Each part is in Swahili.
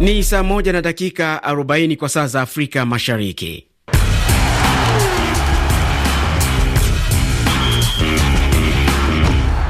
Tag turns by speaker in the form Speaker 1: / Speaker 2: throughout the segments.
Speaker 1: Ni saa moja na dakika 40 kwa saa za Afrika Mashariki.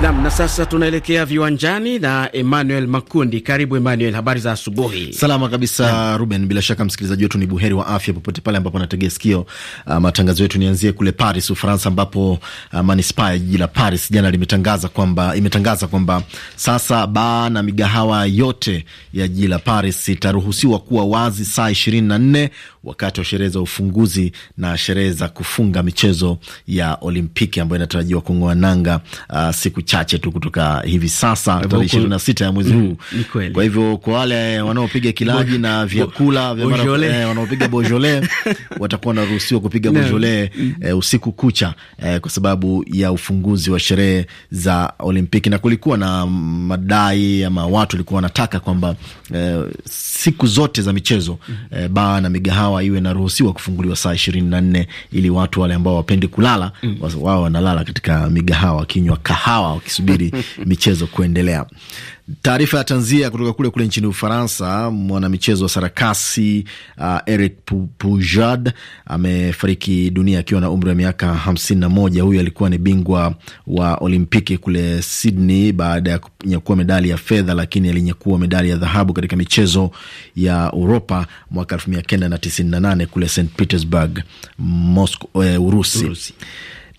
Speaker 1: Nam, na sasa tunaelekea viwanjani na Emmanuel Makundi. Karibu Emmanuel, habari za asubuhi.
Speaker 2: Salama kabisa yeah. Ruben, bila shaka msikilizaji wetu ni buheri wa afya popote pale ambapo anategea sikio uh, matangazo yetu. Nianzie kule Paris, Ufaransa, ambapo uh, manispaa ya jiji la Paris jana limetangaza kwamba imetangaza kwamba sasa baa na migahawa yote ya jiji la Paris itaruhusiwa kuwa wazi saa ishirini na nne wakati wa sherehe za ufunguzi na sherehe za kufunga michezo ya Olimpiki ambayo inatarajiwa kung'oa nanga uh, siku chache tu kutoka hivi sasa, tarehe ishirini na sita ya mwezi mm, huu. Kwa hivyo kwa wale wanaopiga kilaji na vyakula eh, wanaopiga bojole watakuwa wanaruhusiwa kupiga bojole mm. eh, usiku kucha eh, kwa sababu ya ufunguzi wa sherehe za Olimpiki, na kulikuwa na madai ama watu walikuwa wanataka kwamba eh, siku zote za michezo mm. eh, baa na migahawa mikahawa iwe naruhusiwa kufunguliwa saa ishirini na nne ili watu wale ambao wapendi kulala mm. wao wanalala katika migahawa wakinywa kahawa wakisubiri michezo kuendelea. Taarifa ya tanzia kutoka kule kule nchini Ufaransa. Mwanamichezo wa sarakasi uh, Eric Pujad amefariki dunia akiwa na umri wa miaka 51 Huyu alikuwa ni bingwa wa Olimpiki kule Sydney baada ya kunyakua medali ya fedha, lakini alinyakua medali ya dhahabu katika michezo ya Uropa mwaka 1998 kule St Petersburg, Moscow, eh, Urusi, Urusi.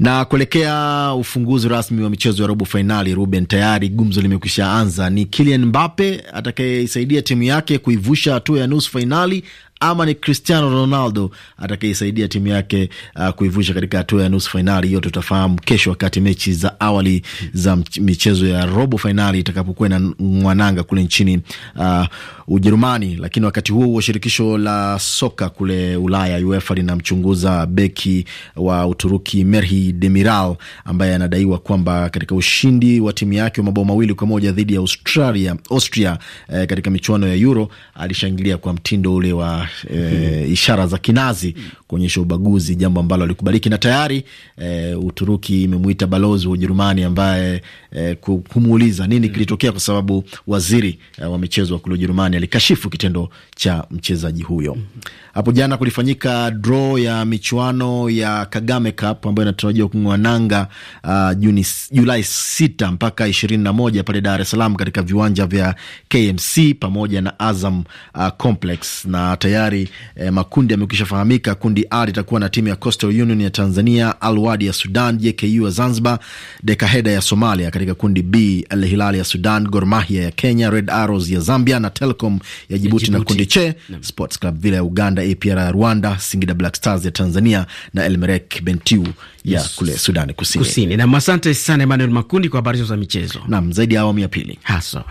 Speaker 2: Na kuelekea ufunguzi rasmi wa michezo ya robo fainali, Ruben, tayari gumzo limekwisha anza. Ni Kylian Mbappe atakayeisaidia timu yake kuivusha hatua ya nusu fainali ama ni Cristiano Ronaldo atakayesaidia timu yake uh, kuivusha katika hatua ya nusu fainali. Hiyo tutafahamu kesho, wakati mechi za awali za michezo ya robo fainali itakapokuwa na mwananga kule nchini uh, Ujerumani. Lakini wakati huo huo shirikisho la soka kule Ulaya UEFA linamchunguza beki wa Uturuki Merhi Demiral ambaye anadaiwa kwamba katika ushindi wa timu yake wa mabao mawili kwa moja dhidi ya Australia, Austria eh, katika michuano ya Euro alishangilia kwa mtindo ule wa e, ishara za kinazi kuonyesha ubaguzi, jambo ambalo alikubaliki na tayari e, Uturuki imemwita balozi wa Ujerumani ambaye e, kumuuliza nini mm. kilitokea, kwa sababu waziri e, wa michezo wa kule Ujerumani alikashifu kitendo cha mchezaji huyo. Mm-hmm. Hapo jana kulifanyika draw ya michuano ya Kagame Cup ambayo inatarajiwa kung'oa nanga uh, Juni, Julai 6 mpaka ishirini na moja pale Dar es Salaam katika viwanja vya KMC pamoja na Azam uh, Complex na tayari tayari eh, makundi yamekwisha fahamika. Kundi R itakuwa na timu ya Coastal Union ya Tanzania, Al Wadi ya Sudan, JKU ya Zanzibar, Dekaheda ya Somalia. Katika kundi B, Al Hilal ya Sudan, Gor Mahia ya Kenya, Red Arrows ya Zambia na Telcom ya Jibuti, Jibuti. Na kundi C, Sports Club Villa ya Uganda, APR ya Rwanda, Singida Black Stars ya Tanzania na Elmerek Bentiu ya yes, kule Sudani Kusini. Kusini.
Speaker 1: Na asante sana Emmanuel Makundi kwa habari za michezo. Naam, zaidi ya awamu ya pili hasa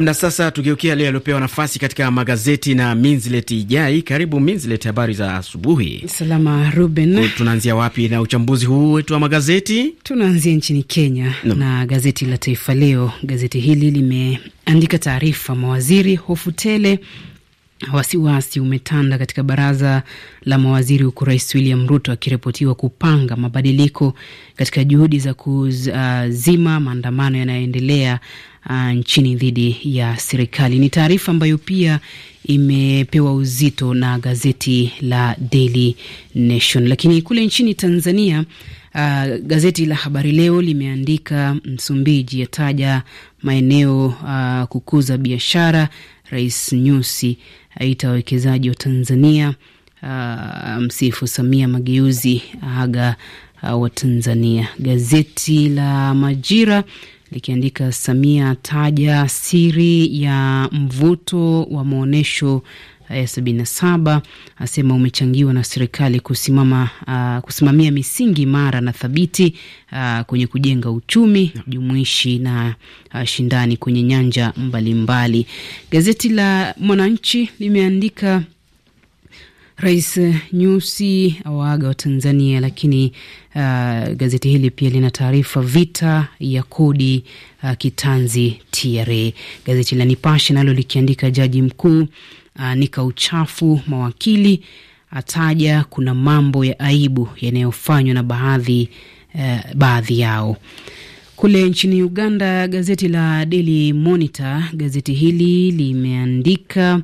Speaker 1: Na sasa tugeukia leo aliopewa nafasi katika magazeti na Minzileti Ijai. Karibu Minzileti, habari za asubuhi.
Speaker 3: Salama Ruben.
Speaker 1: Tunaanzia wapi na uchambuzi huu wetu wa magazeti?
Speaker 3: Tunaanzia nchini Kenya no. na gazeti la Taifa Leo. Gazeti hili limeandika taarifa, mawaziri hofu tele Wasiwasi umetanda katika baraza la mawaziri huku Rais William Ruto akiripotiwa kupanga mabadiliko katika juhudi za kuzima maandamano yanayoendelea uh, nchini dhidi ya serikali. Ni taarifa ambayo pia imepewa uzito na gazeti la Daily Nation. Lakini kule nchini Tanzania uh, gazeti la Habari Leo limeandika Msumbiji yataja maeneo uh, kukuza biashara Rais Nyusi aita wawekezaji wa Tanzania, uh, msifu Samia mageuzi, aga uh, wa Tanzania. Gazeti la Majira likiandika Samia taja siri ya mvuto wa maonyesho ya 77 asema umechangiwa na serikali kusimama, uh, kusimamia misingi imara na thabiti uh, kwenye kujenga uchumi jumuishi na uh, shindani kwenye nyanja mbalimbali mbali. Gazeti la Mwananchi limeandika Rais Nyusi awaaga wa Tanzania, lakini uh, gazeti hili pia lina taarifa vita ya kodi uh, kitanzi TRA. Gazeti la Nipashe nalo likiandika jaji mkuu Ah, nika uchafu mawakili, ataja kuna mambo ya aibu yanayofanywa na baadhi uh, baadhi yao. Kule nchini Uganda, gazeti la Daily Monitor, gazeti hili limeandika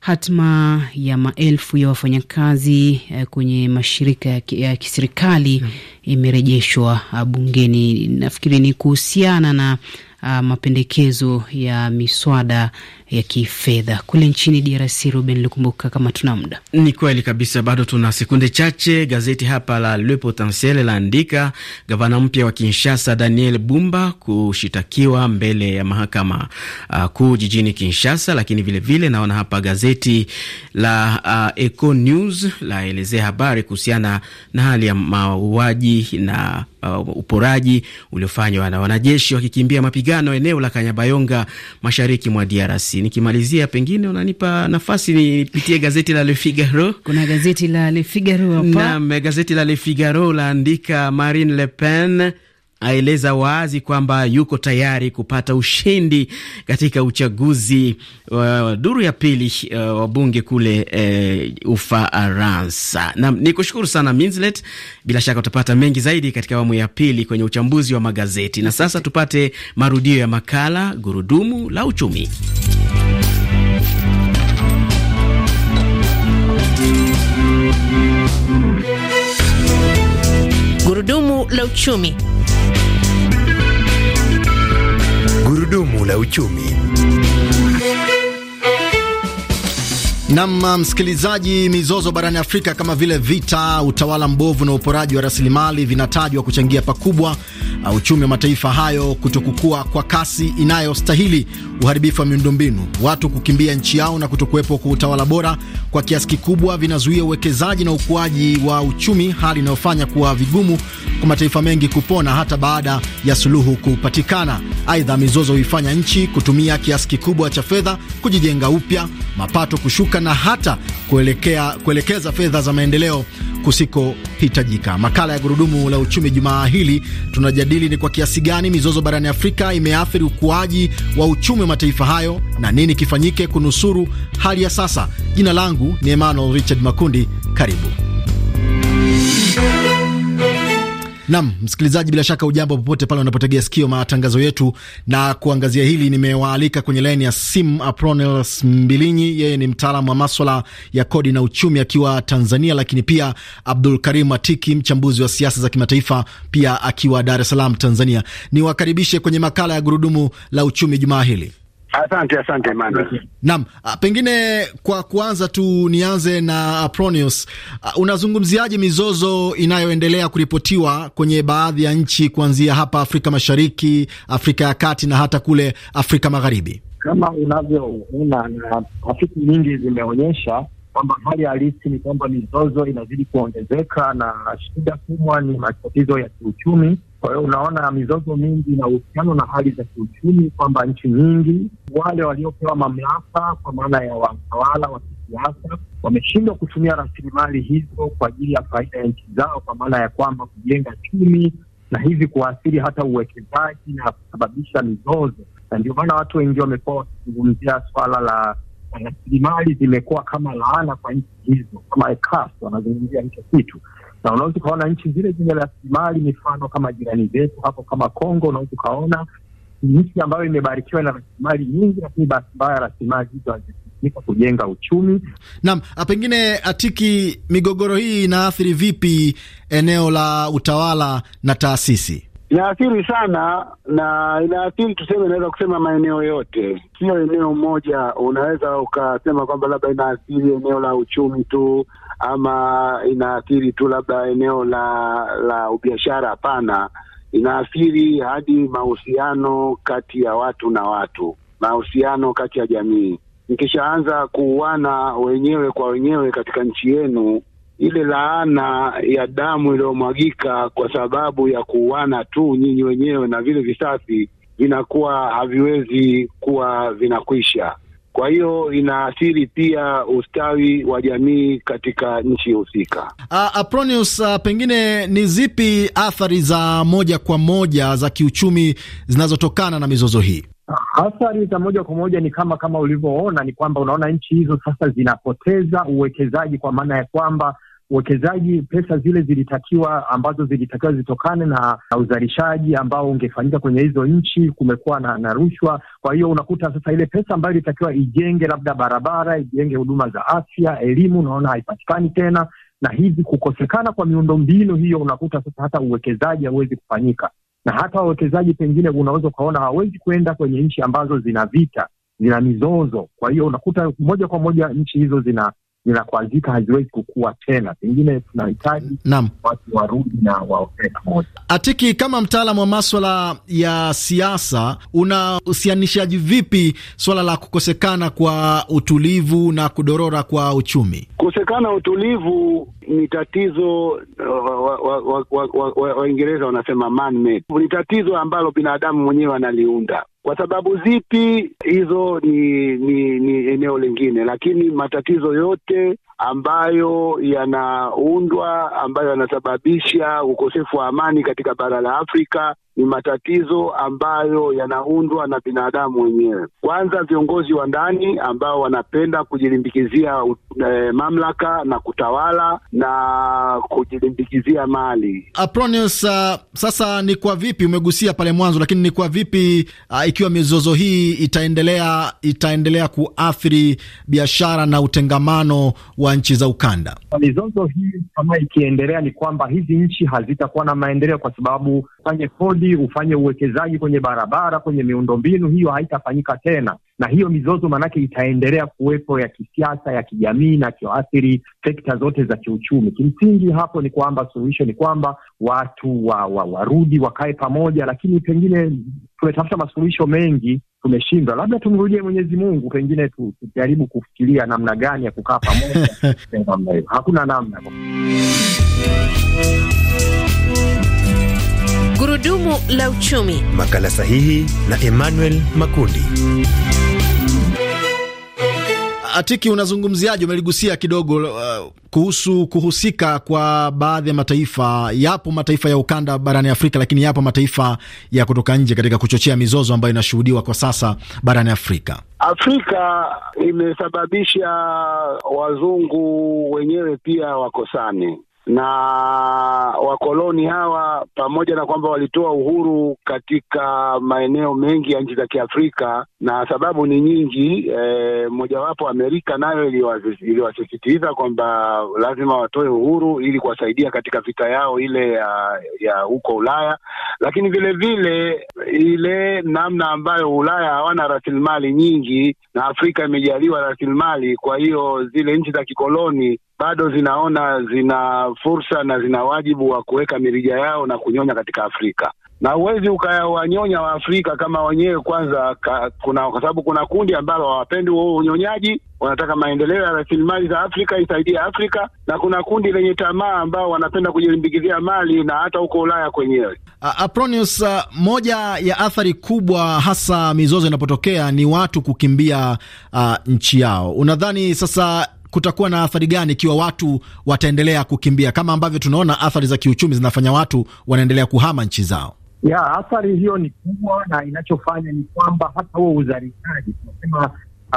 Speaker 3: hatma ya maelfu ya wafanyakazi eh, kwenye mashirika ya kiserikali hmm. imerejeshwa ah, bungeni. Nafikiri ni kuhusiana na ah, mapendekezo ya miswada ya kifedha kule nchini
Speaker 1: DRC. Ruben Lukumbuka, kama tuna muda. Ni kweli kabisa, bado tuna sekunde chache. Gazeti hapa la Le Potentiel laandika gavana mpya wa Kinshasa Daniel Bumba kushitakiwa mbele ya mahakama uh, kuu jijini Kinshasa. Lakini vilevile vile, naona hapa gazeti la uh, Eco News laelezea habari kuhusiana na hali ya mauaji na Uh, uporaji uliofanywa na wanajeshi wakikimbia mapigano eneo la Kanyabayonga mashariki mwa DRC basi nikimalizia, pengine unanipa nafasi nipitie gazeti la Le Figaro.
Speaker 3: Kuna gazeti la Le Figaro hapa. Naam,
Speaker 1: gazeti la Le Figaro laandika Marine Le Pen aeleza wazi kwamba yuko tayari kupata ushindi katika uchaguzi wa uh, duru ya pili eh, wa bunge kule uh, Ufaransa. Na ni kushukuru sana Minslet, bila shaka utapata mengi zaidi katika awamu ya pili kwenye uchambuzi wa magazeti. Na sasa tupate marudio ya makala Gurudumu la Uchumi.
Speaker 3: Gurudumu la uchumi. Gurudumu la uchumi.
Speaker 2: Nam msikilizaji, mizozo barani Afrika kama vile vita, utawala mbovu na uporaji wa rasilimali vinatajwa kuchangia pakubwa uchumi wa mataifa hayo kutokukua kwa kasi inayostahili, uharibifu wa miundombinu, watu kukimbia nchi yao na kutokuwepo kwa utawala bora, kwa kiasi kikubwa vinazuia uwekezaji na ukuaji wa uchumi, hali inayofanya kuwa vigumu kwa mataifa mengi kupona hata baada ya suluhu kupatikana. Aidha, mizozo huifanya nchi kutumia kiasi kikubwa cha fedha kujijenga upya, mapato kushuka na hata kuelekea kuelekeza fedha za maendeleo kusikohitajika. Makala ya gurudumu la uchumi jumaa hili tunajadili ni kwa kiasi gani mizozo barani Afrika imeathiri ukuaji wa uchumi wa mataifa hayo na nini kifanyike kunusuru hali ya sasa. Jina langu ni Emmanuel Richard Makundi, karibu. Nam msikilizaji, bila shaka ujambo popote pale unapotegea sikio matangazo yetu, na kuangazia hili nimewaalika kwenye laini ya simu Apronel Mbilinyi, yeye ni mtaalamu wa maswala ya kodi na uchumi akiwa Tanzania, lakini pia Abdul Karim Atiki, mchambuzi wa siasa za kimataifa, pia akiwa Dar es Salaam, Tanzania. Niwakaribishe kwenye makala ya gurudumu la uchumi jumaa hili.
Speaker 4: Asante, asante Emmanuel.
Speaker 2: Naam, ah, pengine kwa kuanza tu nianze na Apronius. Ah, ah, unazungumziaje mizozo inayoendelea kuripotiwa kwenye baadhi ya nchi kuanzia hapa Afrika Mashariki, Afrika ya Kati na hata kule Afrika Magharibi?
Speaker 5: Kama unavyoona na tafiti nyingi zimeonyesha kwamba hali halisi ni kwamba mizozo inazidi kuongezeka na shida kubwa ni matatizo ya kiuchumi kwa hiyo unaona mizozo mingi inahusiana na hali za kiuchumi, kwamba nchi nyingi wale waliopewa mamlaka kwa maana ya watawala wa kisiasa wameshindwa kutumia rasilimali hizo kwa ajili ya faida ya nchi zao, kwa maana ya kwamba kujenga chumi na hivi kuathiri hata uwekezaji na kusababisha mizozo, na ndio maana watu wengi wamekuwa wakizungumzia swala la rasilimali zimekuwa kama laana kwa nchi hizo, kama wanazungumzia hicho kitu na unaweza ukaona nchi zile zenye rasilimali, mifano kama jirani zetu hapo kama Kongo, unaweza ukaona nchi ambayo imebarikiwa na rasilimali nyingi, lakini bahati mbaya rasilimali hizo hazitumika kujenga uchumi.
Speaker 2: Naam, ah, pengine Atiki, migogoro hii inaathiri vipi eneo la utawala na taasisi?
Speaker 4: inaathiri sana na inaathiri tuseme, inaweza kusema maeneo yote, sio eneo moja. Unaweza ukasema kwamba labda inaathiri eneo la uchumi tu ama inaathiri tu labda eneo la la ubiashara. Hapana, inaathiri hadi mahusiano kati ya watu na watu, mahusiano kati ya jamii. Mkishaanza kuuana wenyewe kwa wenyewe katika nchi yenu ile laana ya damu iliyomwagika kwa sababu ya kuuana tu nyinyi wenyewe na vile visasi vinakuwa haviwezi kuwa vinakwisha. Kwa hiyo inaathiri pia ustawi wa jamii katika nchi husika. Uh,
Speaker 2: ah, Apronius, ah, uh, ah, pengine ni zipi athari za moja kwa moja za kiuchumi zinazotokana na mizozo hii?
Speaker 5: Athari za moja kwa moja ni kama kama ulivyoona, ni kwamba unaona nchi hizo sasa zinapoteza uwekezaji, kwa maana ya kwamba uwekezaji, pesa zile zilitakiwa ambazo zilitakiwa zitokane na, na uzalishaji ambao ungefanyika kwenye hizo nchi, kumekuwa na, na rushwa. Kwa hiyo unakuta sasa ile pesa ambayo ilitakiwa ijenge labda barabara, ijenge huduma za afya, elimu, unaona haipatikani tena, na hivi kukosekana kwa miundombinu hiyo, unakuta sasa hata uwekezaji hauwezi kufanyika, na hata wawekezaji pengine unaweza ukaona hawawezi kuenda kwenye nchi ambazo zina vita, zina mizozo. Kwa hiyo unakuta moja kwa moja nchi hizo zina zinakuazika haziwezi kukua tena, pengine tunahitaji watu warudi na waoee pamoja.
Speaker 2: Atiki, kama mtaalamu wa maswala ya siasa, unahusianishaji vipi swala la kukosekana kwa utulivu na kudorora kwa uchumi?
Speaker 4: Kukosekana utulivu ni tatizo, uh, Waingereza wanasema man made, ni tatizo ambalo binadamu mwenyewe analiunda kwa sababu zipi? Hizo ni, ni, ni eneo lingine, lakini matatizo yote ambayo yanaundwa ambayo yanasababisha ukosefu wa amani katika bara la Afrika ni matatizo ambayo yanaundwa na binadamu wenyewe. Kwanza, viongozi wa ndani ambao wanapenda kujilimbikizia e, mamlaka na kutawala na kujilimbikizia mali.
Speaker 2: Apronius, uh, sasa ni kwa vipi umegusia pale mwanzo, lakini ni kwa vipi uh, ikiwa mizozo hii itaendelea itaendelea kuathiri biashara na utengamano wa nchi za ukanda?
Speaker 5: Mizozo hii kama ikiendelea, ni kwamba hizi nchi hazitakuwa na maendeleo, kwa sababu fanye kodi ujenzi, ufanye uwekezaji kwenye barabara, kwenye miundombinu, hiyo haitafanyika tena. Na hiyo mizozo maanake itaendelea kuwepo, ya kisiasa, ya kijamii, na kiathiri sekta zote za kiuchumi. Kimsingi hapo ni kwamba suluhisho ni kwamba watu wa, wa, warudi wakae pamoja, lakini pengine tumetafuta masuluhisho mengi tumeshindwa, labda tumrudie Mwenyezi Mungu, pengine tujaribu kufikiria namna gani ya kukaa pamoja. Hakuna namna
Speaker 3: Gurudumu la uchumi,
Speaker 5: makala sahihi na Emmanuel Makundi. Atiki,
Speaker 2: unazungumziaje? Umeligusia kidogo uh, kuhusu kuhusika kwa baadhi ya mataifa. Yapo mataifa ya ukanda barani Afrika, lakini yapo mataifa ya kutoka nje katika kuchochea mizozo ambayo inashuhudiwa kwa sasa barani Afrika.
Speaker 4: Afrika imesababisha wazungu wenyewe pia wakosane na wakoloni hawa, pamoja na kwamba walitoa uhuru katika maeneo mengi ya nchi za Kiafrika, na sababu ni nyingi. E, mojawapo Amerika nayo iliwasisitiza kwamba lazima watoe uhuru ili kuwasaidia katika vita yao ile ya ya huko Ulaya, lakini vilevile vile, ile namna ambayo Ulaya hawana rasilimali nyingi na Afrika imejaliwa rasilimali, kwa hiyo zile nchi za kikoloni bado zinaona zina fursa na zina wajibu wa kuweka mirija yao na kunyonya katika Afrika na huwezi ukawanyonya Waafrika kama wenyewe kwanza ka, kuna kwa sababu kuna kundi ambalo hawapendi huo unyonyaji, wanataka maendeleo ya rasilimali za Afrika isaidie Afrika, na kuna kundi lenye tamaa ambao wanapenda kujilimbikizia mali na hata huko Ulaya kwenyewe.
Speaker 2: Apronius, uh, uh, uh, moja ya athari kubwa hasa mizozo inapotokea ni watu kukimbia uh, nchi yao. Unadhani sasa kutakuwa na athari gani ikiwa watu wataendelea kukimbia, kama ambavyo tunaona athari za kiuchumi zinafanya watu wanaendelea kuhama nchi zao?
Speaker 5: Ya, athari hiyo ni kubwa, na inachofanya ni kwamba hata huo uzalishaji tunasema,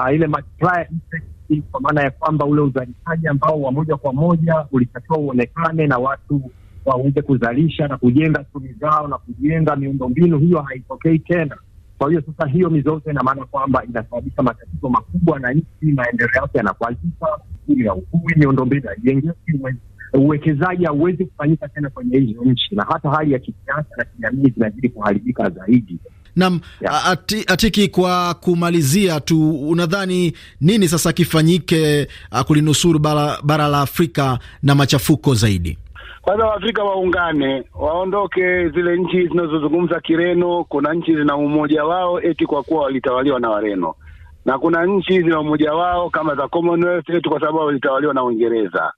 Speaker 5: uh, ile multiplier effect, kwa maana ya kwamba ule uzalishaji ambao wa moja kwa moja ulitakiwa uonekane na watu waweze kuzalisha na kujenga uchumi zao na kujenga miundo mbinu hiyo haitokei tena. Kwa hiyo sasa hiyo mizozo ina maana kwamba inasababisha matatizo makubwa na nchi, maendeleo yake yanakwazika, uchumi miundo miundombinu haijengeki, uwekezaji hauwezi kufanyika tena kwenye hizo nchi, na hata hali ya kisiasa na kijamii zinazidi kuharibika zaidi. nam
Speaker 2: ati, Atiki, kwa kumalizia tu, unadhani nini sasa kifanyike uh, kulinusuru bara, bara la Afrika na machafuko zaidi?
Speaker 4: Kwanza Waafrika waungane, waondoke zile nchi zinazozungumza Kireno. Kuna nchi zina umoja wao eti kwa kuwa walitawaliwa na Wareno, na kuna nchi zina umoja wao kama za Commonwealth eti kwa sababu walitawaliwa na Uingereza,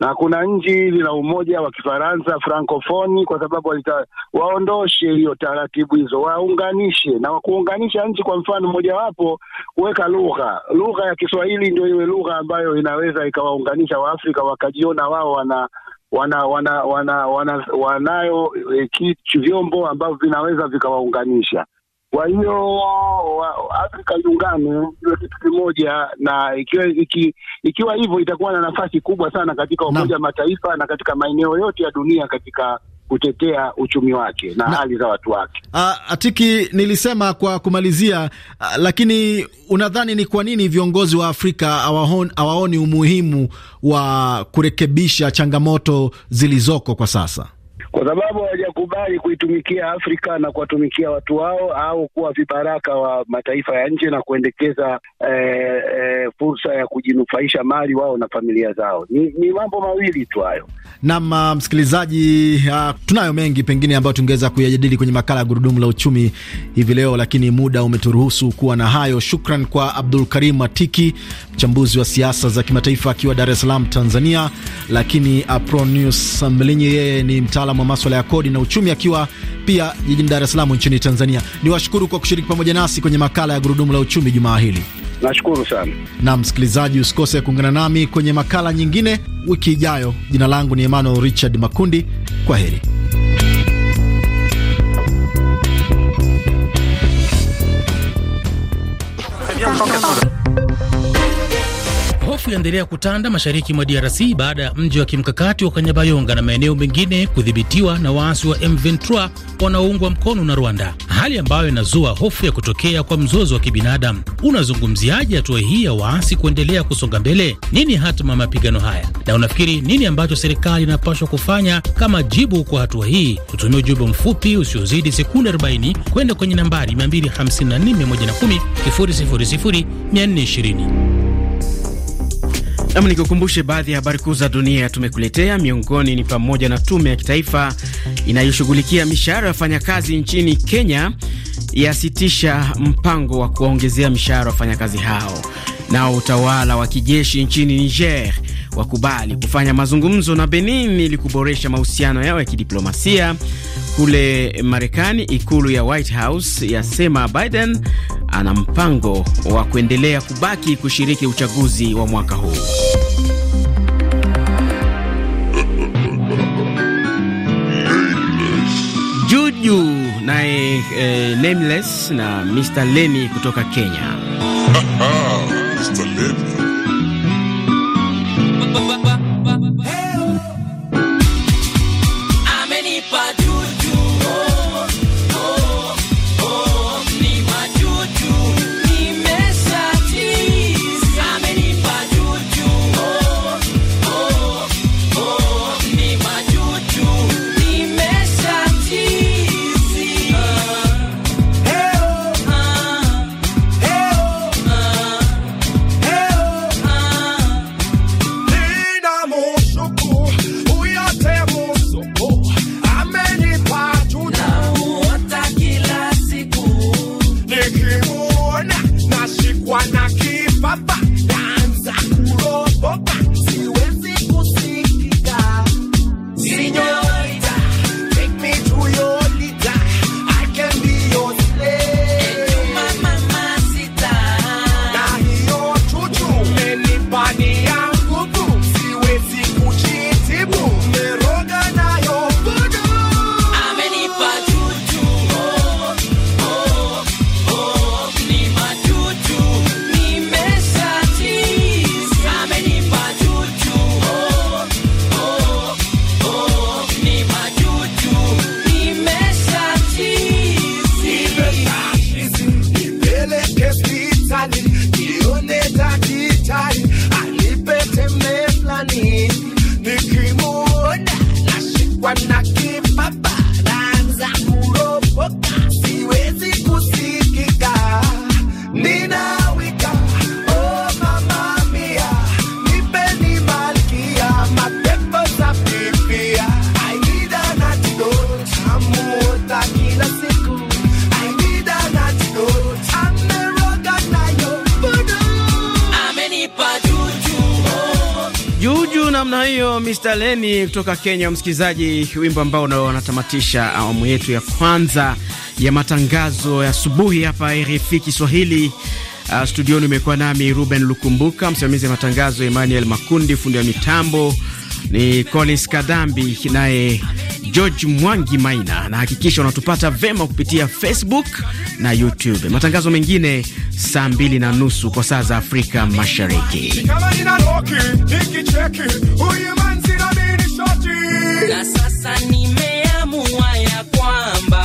Speaker 4: na kuna nchi zina umoja wa Kifaransa francofoni kwa sababu walita... waondoshe hiyo taratibu hizo, waunganishe na kuunganisha nchi. Kwa mfano mojawapo, kuweka lugha lugha ya Kiswahili ndio iwe lugha ambayo inaweza ikawaunganisha Waafrika wakajiona wao wana wana, wana, wana, wana, wanayo e, vyombo ambavyo vinaweza vikawaunganisha. Kwa hiyo Afrika iungane iwe kitu kimoja, na ikiwa iki, ikiwa hivyo itakuwa na nafasi kubwa sana katika Umoja wa Mataifa na katika maeneo yote ya dunia katika kutetea uchumi wake na, na hali za watu wake.
Speaker 2: Uh, Atiki, nilisema kwa kumalizia a, ah, lakini unadhani ni kwa nini viongozi wa Afrika hawaoni umuhimu wa kurekebisha changamoto zilizoko kwa sasa?
Speaker 4: kwa sababu hawajakubali kuitumikia Afrika na kuwatumikia watu wao au kuwa vibaraka wa mataifa ya nje na kuendekeza e, e, fursa ya kujinufaisha mali wao na familia zao. Ni, ni mambo mawili tu hayo.
Speaker 2: nam uh, msikilizaji, uh, tunayo mengi pengine ambayo tungeweza kuyajadili kwenye makala ya gurudumu la uchumi hivi leo, lakini muda umeturuhusu kuwa na hayo. Shukran kwa Abdul Karim Atiki, mchambuzi wa siasa za kimataifa akiwa Dar es Salaam, Tanzania, lakini Apronius Mlinyi um, yeye ni mtaalamu maswala ya kodi na uchumi, akiwa pia jijini Dar es Salaam nchini Tanzania. Ni washukuru kwa kushiriki pamoja nasi kwenye makala ya gurudumu la uchumi jumaa hili.
Speaker 4: Nashukuru sana.
Speaker 2: Na msikilizaji, usikose kuungana nami kwenye makala nyingine wiki ijayo. Jina langu ni Emmanuel Richard Makundi. Kwa heri.
Speaker 1: Hofu yaendelea kutanda mashariki mwa DRC baada ya mji wa kimkakati wa Kanyabayonga na maeneo mengine kudhibitiwa na waasi wa M23 wanaoungwa mkono na Rwanda, hali ambayo inazua hofu ya kutokea kwa mzozo wa kibinadamu. Unazungumziaje hatua hii ya waasi kuendelea kusonga mbele? Nini hatima ya mapigano haya, na unafikiri nini ambacho serikali inapaswa kufanya kama jibu kwa hatua hii? kutumia ujumbe mfupi usiozidi sekunde 40 kwenda kwenye nambari 254 110 000 420. Nami nikukumbushe baadhi ya habari kuu za dunia tumekuletea. Miongoni ni pamoja na tume ya kitaifa inayoshughulikia mishahara ya wafanyakazi nchini Kenya yasitisha mpango wa kuwaongezea mishahara wafanyakazi hao. Nao utawala wa kijeshi nchini Niger wakubali kufanya mazungumzo na Benin ili kuboresha mahusiano yao ya kidiplomasia. Kule Marekani, ikulu ya White House yasema Biden ana mpango wa kuendelea kubaki kushiriki uchaguzi wa mwaka huu. Juju naye eh, Nameless na Mr leni kutoka Kenya. Mr. hiyo Mr Leni kutoka Kenya, msikilizaji, wimbo ambao unatamatisha awamu yetu ya kwanza ya matangazo ya asubuhi hapa RFI Kiswahili. Uh, studioni umekuwa nami Ruben Lukumbuka, msimamizi wa matangazo Emmanuel Makundi, fundi wa mitambo ni Collins kadambi naye George Mwangi Maina, na hakikisha unatupata vema kupitia Facebook na YouTube. Matangazo mengine saa mbili na nusu kwa saa za Afrika Mashariki.
Speaker 6: Na sasa
Speaker 1: nimeamua ya kwamba